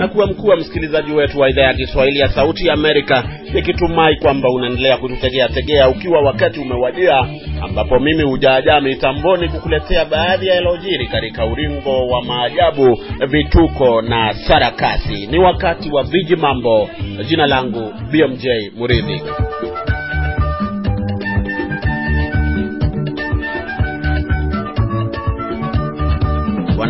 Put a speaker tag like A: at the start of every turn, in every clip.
A: nakuwa kuwa mkuu wa msikilizaji wetu wa idhaa ya Kiswahili ya Sauti ya Amerika, nikitumai kwamba unaendelea kututegea tegea, ukiwa wakati umewadia ambapo mimi hujaajaa mitamboni kukuletea baadhi ya elojiri katika ulingo wa maajabu, vituko na sarakasi. Ni wakati wa viji mambo. Jina langu BMJ Muridhi.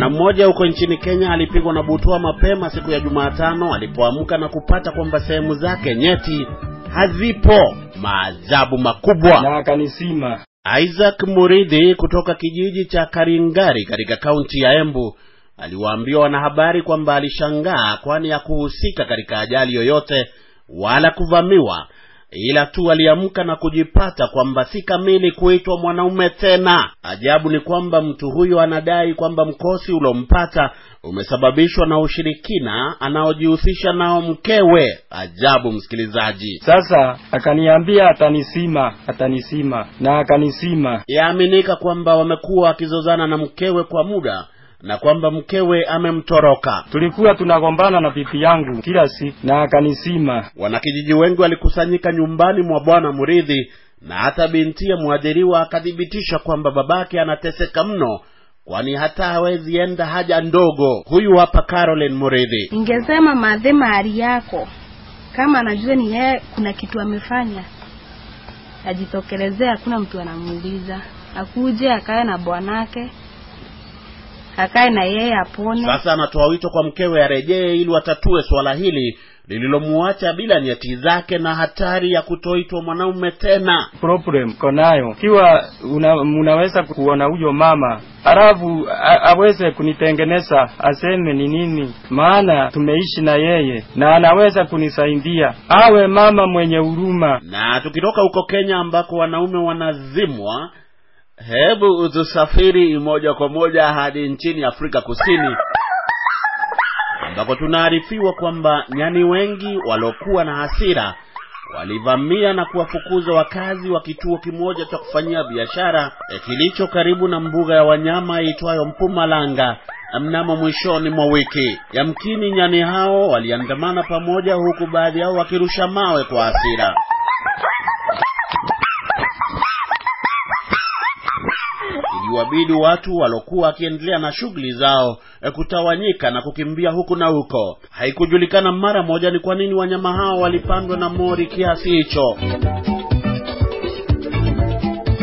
A: Bwana mmoja huko nchini Kenya alipigwa na butwa mapema siku ya Jumatano alipoamka na kupata kwamba sehemu zake nyeti hazipo. Maajabu makubwa na kanisima. Isaac Muridhi kutoka kijiji cha Karingari katika kaunti ya Embu aliwaambia wanahabari kwamba alishangaa, kwani hakuhusika katika ajali yoyote wala kuvamiwa, ila tu aliamka na kujipata kwamba si kamili kuitwa mwanaume tena. Ajabu ni kwamba mtu huyo anadai kwamba mkosi ulompata umesababishwa na ushirikina anaojihusisha nao mkewe. Ajabu, msikilizaji. Sasa akaniambia atanisima, atanisima na akanisima. Yaaminika kwamba wamekuwa wakizozana na mkewe kwa muda na kwamba mkewe amemtoroka. Tulikuwa tunagombana na bibi yangu kila siku na akanisima. Wanakijiji wengi walikusanyika nyumbani mwa Bwana Muridhi, na hata binti ya mwadhiriwa akathibitisha kwamba babake anateseka mno kwani hata hawezi enda haja ndogo. Huyu hapa Caroline Muridhi. Ningesema madhe mahari yako, kama anajua ni yeye kuna kitu amefanya, ajitokelezee. Hakuna mtu anamuuliza, akuje akae na bwanake akae na yeye apone. Sasa anatoa wito kwa mkewe arejee ili watatue suala hili lililomuacha bila nyeti zake na hatari ya kutoitwa mwanaume tena. Problem konayo kiwa una, unaweza kuona huyo mama halafu aweze kunitengeneza aseme ni nini, maana tumeishi na yeye na anaweza kunisaidia, awe mama mwenye huruma. Na tukitoka huko Kenya ambako wanaume wanazimwa hebu uzisafiri moja kwa moja hadi nchini Afrika Kusini ambako tunaarifiwa kwamba nyani wengi waliokuwa na hasira walivamia na kuwafukuza wakazi wa kituo kimoja cha kufanyia biashara eh, kilicho karibu na mbuga ya wanyama iitwayo Mpumalanga eh, mnamo mwishoni mwa wiki. Yamkini nyani hao waliandamana pamoja, huku baadhi yao wakirusha mawe kwa hasira. iliwabidi watu waliokuwa wakiendelea na shughuli zao eh, kutawanyika na kukimbia huku na huko. Haikujulikana mara moja ni kwa nini wanyama hao walipandwa na mori kiasi hicho.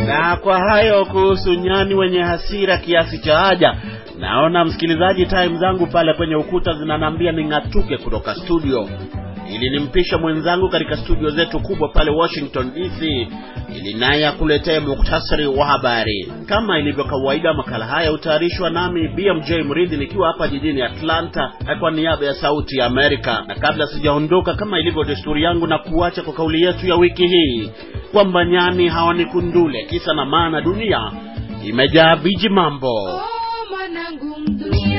A: Na kwa hayo kuhusu nyani wenye hasira kiasi cha haja, naona msikilizaji, time zangu pale kwenye ukuta zinanambia ning'atuke kutoka studio ilinimpisha mwenzangu katika studio zetu kubwa pale Washington DC ili naye akuletee muktasari wa habari. Kama ilivyo kawaida, makala haya hutayarishwa nami BMJ Mridhi nikiwa hapa jijini Atlanta eh, kwa niaba ya Sauti ya Amerika, na kabla sijaondoka, kama ilivyo desturi yangu, na kuacha kwa kauli yetu ya wiki hii kwamba nyani hawanikundule, kisa na maana dunia imejaa viji mambo.
B: Oh,